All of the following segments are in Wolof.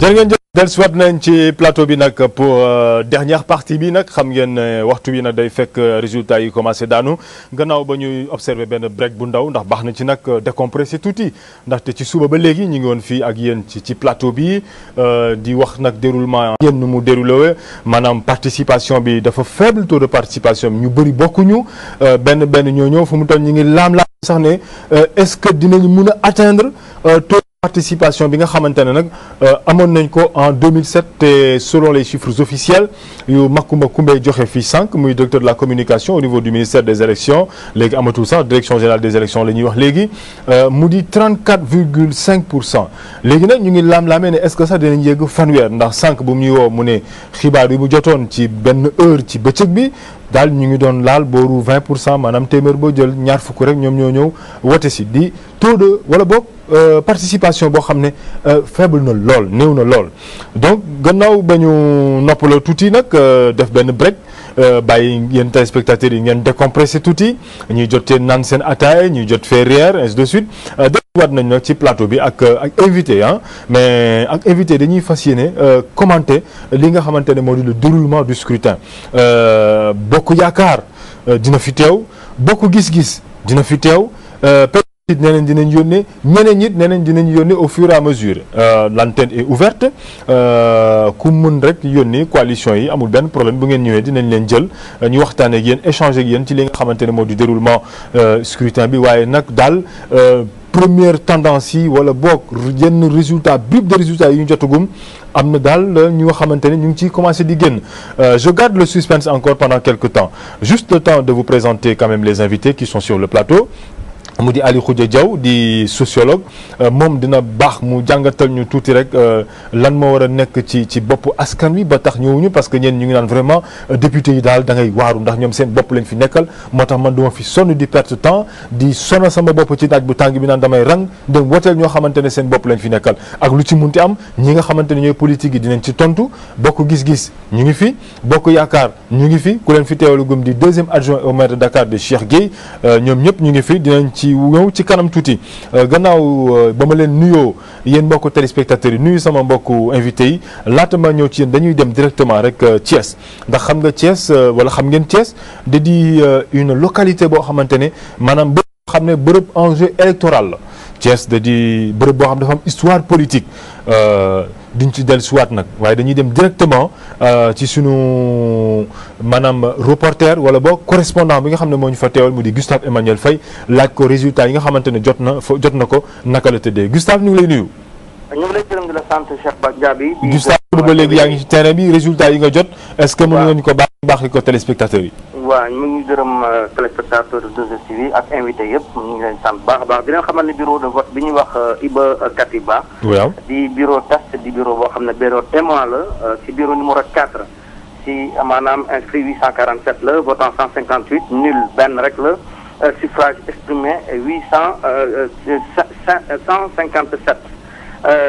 jërë ngeen jëf dellusiwaat nañ ci plateau bi nag pour euh, dernière partie bi nag xam ngeen waxtu wi nag day fekk euh, résultat yi commencé daanu gannaaw ba ñuy observé benn break bu ndaw ndax baax na ci nag euh, décompressé tuuti ndaxte ci suba ba léegi ñu ngi woon fii ak yéen ci ci plateau bi di wax nag déroulement yéen nu mu déroulé maanaam participation bi dafa faible taux de participation ñu bëri bokkuñu benn benn ñoo ñëw fu mu toll ñu ngi laam-laam sax ne est-ce que dinañ mun a atteindre taux participation bi nga xamante ne nag euh, amoon nañ ko en 2007 te selon les chiffres officiels yu Makumba Kumbe joxe fii sànq muy directeur de la communication au niveau du ministère des élections léegi amatul sax direction générale des élections la ñuy wax léegi euh, mu di 34 virgule 5 pour cent léegi nag ñu ngi laam-laamee ne est-ce que sax dinañ yegg fanweer ndax sànq bu mu ñuy woo mu ne xibaar bi bu jotoon ci benn heure ci bëccëg bi daal ñu ngi doon laal booru 20 pour cent maanaam téeméer boo jël ñaar fukk rek ñoom ñëw wote si di taux de wala boog Euh, participation boo xam ne euh, faible na lool néew na lool donc gannaaw ba ñu noppaloo tuuti nag euh, def benn break bàyyi yéen téléspectateurs yi ngeen décompressé tuuti ñuy jot jotee naan seen ataay ñuy jot fee reer ainsi de suite dégluwaat nañ nag ci plateau bi ak ak invité ah mais ak invité dañuy fas yéene commenter li nga xamante ne moo di le déroulement du scrutin bokk yaakaar dina fi teew bokk gis-gis dina fi teew it neneen dinañ yónnee ñeneen it neneen dinañ yónnee au fur et à mesure euh, l'antenne est ouverte euh, ku mën rek yónni coalition yi amul benn problème bu ngeen ñëwee dinañ leen jël euh, ñu waxtaan ak yéen échanger ak yéen ci li nga xamante ne moo di déroulement scrutin bi waaye nag daal première tendance yi wala boog yenn résultat bip de résultats yi ñu jotagum am na daal ñu nga xamante ne ñu ngi ciy commencé di génn je garde le suspense encore pendant quelque temps juste le temps de vous présenter quand même les invités qui sont sur le plateau mu di Aly Khoudia Diaw di sociologue euh, moom dina baax mu jàngatal ñu tuuti rek euh, lan moo war a nekk ci ci bopp askan wi ba tax ñëwuñu parce que ñeen ñu ngi naan vraiment euh, député yi daal da ngay waaru ndax ñoom seen bopp lañ fi nekkal moo tax man duma fi sonn di perte temps di sonal sama bopp ci naaj bu tàng bi naan damay rang dem woteel ñoo xamante ne seen bopp lañ fi nekkal ak lu ci munti am ñi nga xamante ne ñooy politique yi dinañ ci tontu bokk gis-gis ñu ngi fi bokk yaakaar ñu ngi fi ku leen fi teewalugum di deuxième ci ñëw ci kanam tuuti euh, gannaaw euh, ba ma leen nuyoo yéen mbokku téléspectateurs yi nuyu sama mbokku invité yi laata ma ñëw ci yéen dañuy dem directement rek euh, Thiès ndax xam nga cees wala xam ngeen Thiès da di une localité boo xamante ne maanaam bërëb xam ne bërëb enjeu électoral la Thiès da di bërëb boo xam dafa am histoire politique euh, diñ ci dell siwaat nag waaye dañuy dem directement euh, ci suñu maanaam reporter wala boo correspondant bi nga xam ne moo ñu fa teewal mu di Gustave Emmanuel Faye laaj ko résultat yi nga xamante ne jot na fa jot na ko naka la tëddee Gustave ñu ngi lay nuyu. ñu ngi lay gërëm ba léegi yaa ngi ci terrain bi résultat yi nga jot. est-ce que mën nga ñu ko baax baaxi ko téléspectateurs yi. waaw ñu ngi gërëm euh, téléspectateur 2STV ak invité yëpp ñu ngi leen sant bu baax baax bi leen xamal ne bureau de vote bi ñuy wax euh, Iba Katiba. waaw di bureau test di bureau boo xam ne bureau témoin la euh, ci bureau numéro 4. ci maanaam inscrit 847 la votant 158 nul benn rek la suffrage exprimé 800 157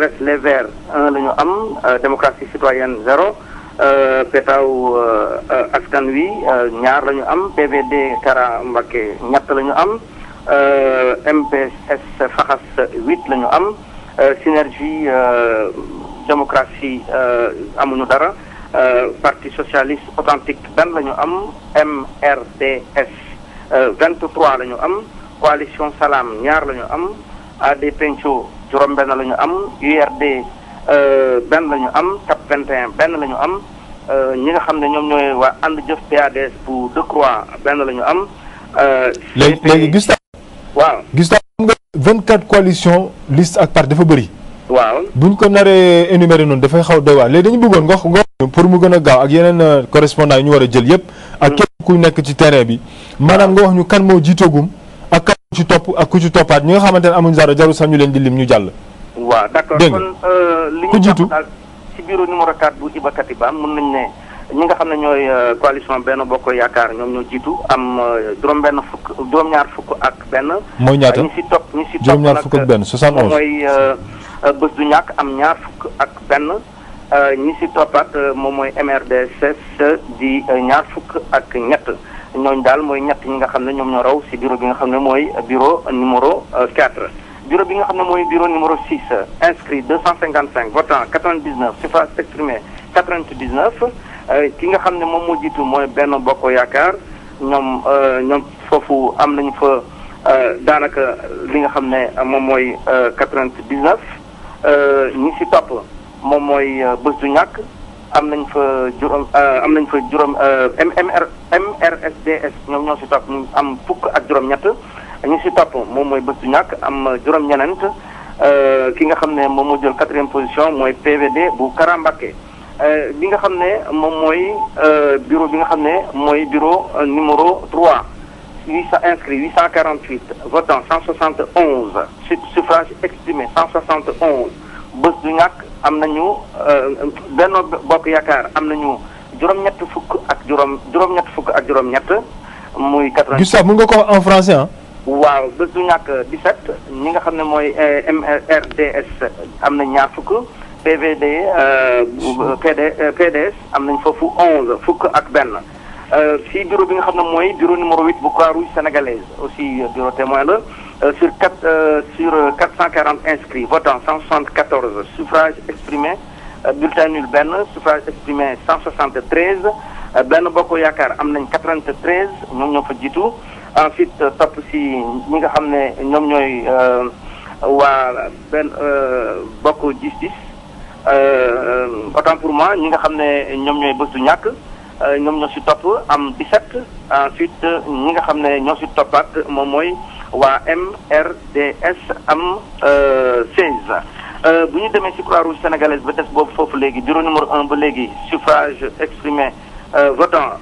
reste les verts 1 la ñu am démocratie citoyenne 0. Euh, petaaw euh, euh, askan wi ñaar lañu am PVD Kara Mbacké ñett la ñu am MPS Faxas huit la ñu am synergie démocratie amuñu dara parti socialiste authentique benn la ñu am MRDS vingt la ñu am coalition salaam ñaar la ñu am AD Penco juróom-benn la ñu am URD Euh, benn la ñu am SAP 21 benn lañu ñu am euh, ñi nga xam ne ñoom ñooy waa ànd jëf PADS bu Decroix benn la ñu am. Euh, léegi léegi Gustave. waaw Gustave xam nga 24 coalition liste ak parti dafa bëri. waaw buñ ko naree énuméré noonu dafay xaw doy waar léegi dañu bëggoon nga wax pour mu gën a gaaw ak yeneen correspondant yi ñu war a jël yëpp. ak mm. képp ku nekk ci terrain bi. maanaam nga wax ñu kan moo jiitagum ak kan ci topp ak ku ci toppaat ñi nga xamante ne amuñ dara jarul sax ñu leen di lim ñu jàll. waaw d'accord kon euh, li ñu jàpp daal ci bureau numéro 4 bu Iba Katiba mën nañ ne ñi nga xam ne ñooy euh, coalition benn bokk yaakaar ñoom ñoo jiitu am euh, juróom benn fukk juróom-ñaar fukk ak benn. mooy ñaata ñu si topp ñu si topp juróom-ñaar fukk ak benn 71 mooy bés du ñàkk am ñaar fukk ak benn ñi si toppaat moom mooy MRDCS di ñaar fukk ak ñett ñooñu daal mooy ñett ñi nga xam ne ñoom ñoo raw si bureau bi nga xam ne mooy bureau numéro 4. bureau bi nga xam ne mooy bureau numéro 6 inscrit 255 votant 99 suffrage exprimé 99 euh, ki nga xam ne moom moo jiitu mooy benn bokk yaakaar ñoom euh, ñoom foofu am nañu fa euh, daanaka li nga xam ne moom mooy 99 ñi si topp moom mooy bés du ñàkk am nañ fa juróom am nañ fa juróom MR MRSDS ñoom si topp am fukk ak juróom-ñett. dañu si topp moom mooy bés du ñàkk am juróom-ñenent euh, ki nga xam ne moom moo jël quatrième position mooy PVD bu Karambake euh, li nga xam ne moom mooy euh, bureau bi nga xam ne mooy bureau numéro 3 800 inscrits 848 votants 171 suffrage exprimé 171 bés du ñàkk am nañu Benno Bokk Yaakaar am nañu juróom-ñett fukk ak juróom juróom-ñett fukk ak juróom-ñett muy. 80 Gustave mën nga ko en français ah. waaw bés bu ñàkk 17 ñi nga xam ne mooy eh, MRDS am na ñaar fukk PVD eh, PD eh, PDS am nañ foofu 11 fukk ak benn fii bureau bi nga xam ne mooy bureau numéro 8 bu Croix-Rouge sénégalaise aussi bureau témoin la sur quatre sur 440 inscrits votants 174 suffrage exprimé bulletin nul benn suffrage exprimé 173 benn bokk yaakaar am nañ 93 ñoom ñoo fa jiitu. ensuite euh, topp si ñi nga xam ne ñoom ñooy euh, waa benn euh, bokk gis-gis autant pour moi ñi nga xam ne ñoom ñooy bés du ñàkk ñoom ñoo si topp am 17 ensuite ñi nga xam ne ñoo si toppaat moom mooy waa MRDS am 16. bu ñu demee ci Croix-Rouge sénégalaise ba des boobu foofu léegi bureau numéro 1 ba léegi suffrage exprimé votant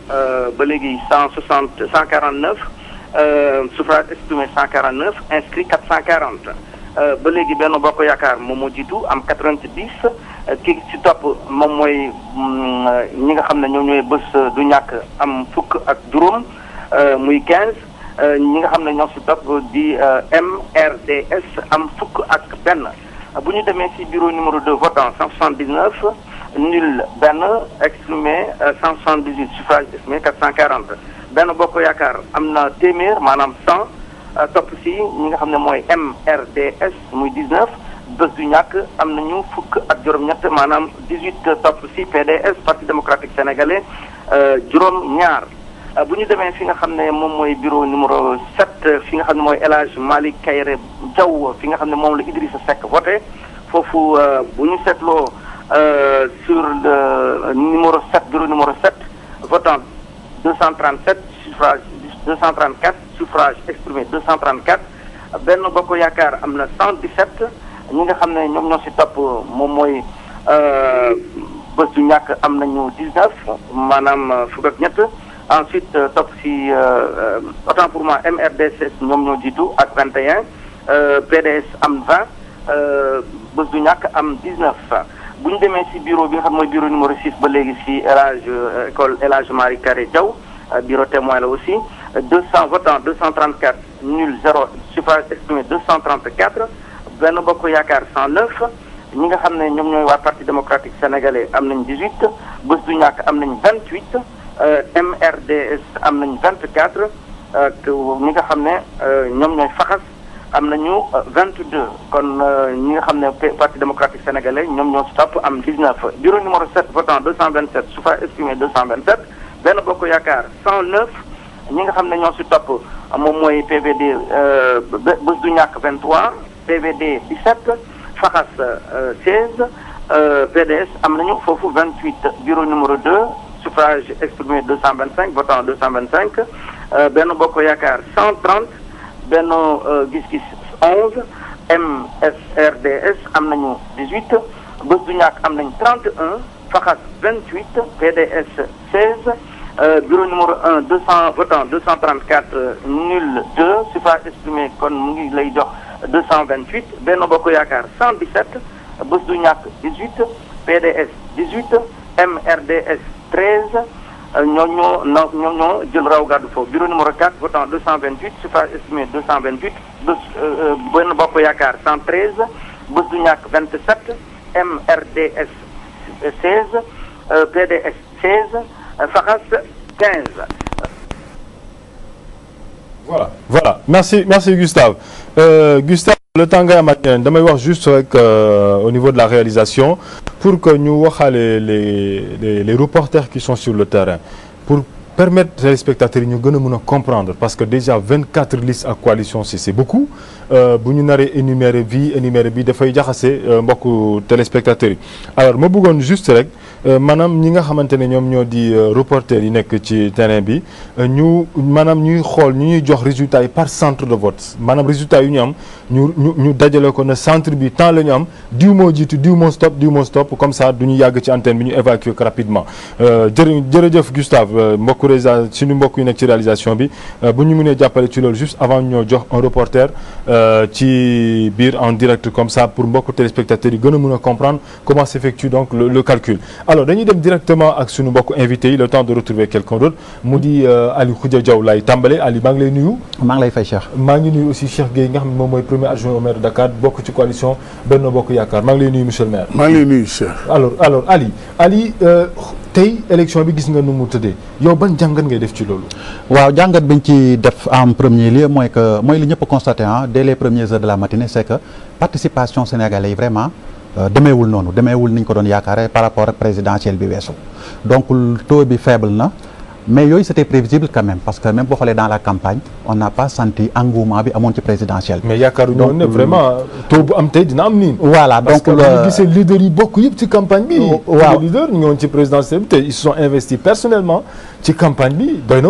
ba léegi 160 149. Euh, suffrage exprimé 149 inscrit 440 euh, ba léegi benn bokk yaakaar moom moo jiitu am 90 euh, ki ci topp moom mooy mm, ñi nga xam ne ñoom ñooy bës du ñàkk am fukk ak juróom muy 15 ñi nga xam ne ñoo si topp di MRDS am fukk ak benn bu ñu demee ci bureau numéro 2 votant 179. nul benn exprimé 178 suffrage exprimé 440 benn bokk yaakaar am na téeméer maanaam 100 euh, topp si ñi nga xam ne mooy MRDS muy 19 bés du ñàkk am na ñu fukk ak juróom-ñett maanaam 18 topp si PDS parti démocratique sénégalais euh, juróom-ñaar euh, bu ñu demee fi nga xam ne moom mooy bureau numéro 7 fi nga xam ne mooy El Hadj Malick Kayre Diaw fi nga xam ne moom la Idrissa Seck voté foofu bu ñu seetloo. Euh, sur le euh, numéro 7 bureau numéro 7 votant 237 suffrage 234 suffrage exprimé 234 benn bokk yaakaar am na 117 ñi nga xam ne ñoom ñoo si topp moom mooy euh, bés du ñàkk am nañu 19 maanaam fukk ak ñett ensuite topp si autant pour moi MRDS ñoom ñoo jiitu ak 21 PDS am 20 bés du ñàkk am 19. bu ñu demee si bureau bi nga xam mooy bureau numéro 6 ba léegi si élage euh, école élage Marie Carré Diaw euh, bureau témoin la aussi 200 votants 234 nul 0 suffrage exprimé 234 benn bokk yaakaar 109 ñi nga xam ne ñoom ñooy waa parti démocratique sénégalais am nañ 18 bés du ñàkk am nañ 28 euh, MRDS am nañ 24 ak ñi nga xam ne ñoom ñooy faxas. am na ñu euh, vingt 22 kon euh, ñi nga xam ne parti démocratique sénégalais ñoom ñoo si topp am 19 bureau numéro 7 votant 227 suffrage exprimé 227 benn bokk yaakaar 109 ñi nga xam ne ñoo si topp moom mooy PVD euh, bés du ñàkk 23 PVD 17 faxas 16 PDS am nañu foofu 28 bureau numéro 2 suffrage exprimé 225 votant cinq benn bokk yaakaar 130. Benno euh, Gis-Gis 11 MSRDS am nañu 18 Bës du Ñakk am nañ 31 Faxas 28 PDS 16 bureau numéro 1 200 votant 234 nul 2 suffrage exprimé kon mu ngi lay jox 228 Benno Bokk Yaakaar 117 Bës du Ñakk 18 PDS 18 MRDS 13. ñooñu euh, ñoo na ñoo jël raw gàddu foofu bureau numéro 4 votant 228 suffrage estimé 228 bés euh, euh, benn bopp yaakaar 113 bés du ñàkk 27 MRDS 16 PDS 16 Faxas 15. voilà voilà merci merci Gustave euh, damay wax juste rek au niveau de pour que ñu waxaale les les les reporters qui sont sur le terrain pour permettre téléspectateurs yi ñu gën a mën a comprendre parce que déjà vingt quatre listes ak coalition si c'est beaucoup euh, bu ñu naree énumérer bi énumérer bi dafay jaxase euh, mbokku téléspectateurs yi alors ma bëggoon juste rek euh, maanaam ñi nga xamante ne ñoom ñoo di reporter yi nekk ci terrain bi ñu maanaam ñuy xool ñu ñuy jox résultat yi par centre de vote maanaam résultat yu ñu am ñu dajale ko na centre bi temps la ñu am diw moo jiitu diw moo stop diw moo stop comme ça ñu yàgg ci antenne bi ñu évacuer ko président suñu mbokk yi nekk ci réalisation bi euh, bu ñu mënee jàppale ci loolu juste avant ñoo jox un reporter euh, ci biir en direct comme ça pour mbokk téléspectateurs yi gën a mën a comprendre comment s'effectue donc le, le calcul alors dañuy dem directement ak suñu mbokk invité yi le temps de retrouver quelqu'un d'autre mu di euh, Aliou Khoudia Diaw lay tàmbale Aliou maa ngi lay nuyu maa ngi aussi Cheikh Gueye nga xam ne moom mooy premier adjoint au maire de Dakar bokk ci coalition Benno Bokk Yaakaar maa ngi lay nuyu monsieur tey élection bi gis nga nu mu tëddee yow ban jàngat ngay def ci loolu. waaw jàngat biñ ci def en premier lieu mooy que mooy lu ñëpp constaté ah les premières heures de la matinée c'est que participation sénégalais yi vraiment. Euh, demeewul noonu demeewul ni ñu ko doon yaakaare par rapport ak présidentielle bi weesu donc taux bi faible na. mais yooyu c' était prévisible quand même parce que même boo xoolee dans la campagne on n'a pas senti engouement bi amoon ci présidentielle. mais yaakaaruñu woon ne vraiment euh, taux bu am tey dina am nii. voilà donc parce que euh, gisee leaders yi bokk ci campagne bi. Oh, waaw leaders ci présidentielle bi te ils se ci campagne bi doy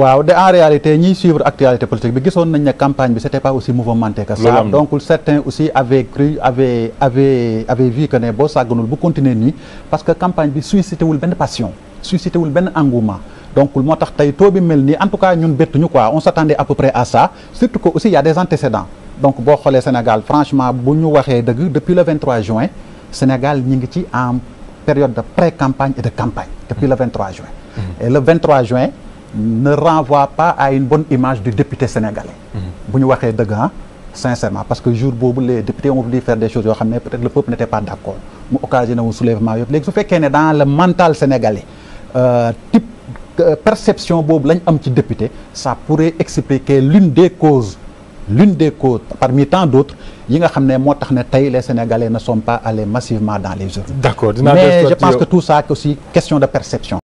waaw de en réalité ñiy suivre actualité politique bi gisoon nañ ne campagne bi c' était pas aussi mouvementé que ça. donc certains aussi avaient cru avaient avaient avaient ne boo sàgganul bu continuer nii parce que campagne bi suscité wul benn passion suscité wul benn engouement. donc moo tax tey taux bi mel nii en tout cas ñun bettuñu quoi on s'attendait à peu près à ça surtout que aussi y a des antécédents donc boo xoolee Sénégal franchement bu ñu waxee dëgg depuis le juin Sénégal ñi ngi ci en période de pré-campagne et de campagne depuis le 23 juin mmh. et le juin ne renvoie pas à une bonne image du député sénégalais mmh. bu ñu waxee dëgg ah sincèrement parce que jour boobu les députés ont voulu faire des choses yoo xam ne peut-être le peuple n'était pas d'accord mu occasionné wu le mental sénégalais euh, Euh, perception boobu lañ am ci député ça pourrait expliquer l'une des causes l'une des causes parmi tant d'autres yi nga xam ne moo tax ne tey les sénégalais ne sont pas allés massivement dans les urnes d'accord mais je pense que tout ça aussi question de perception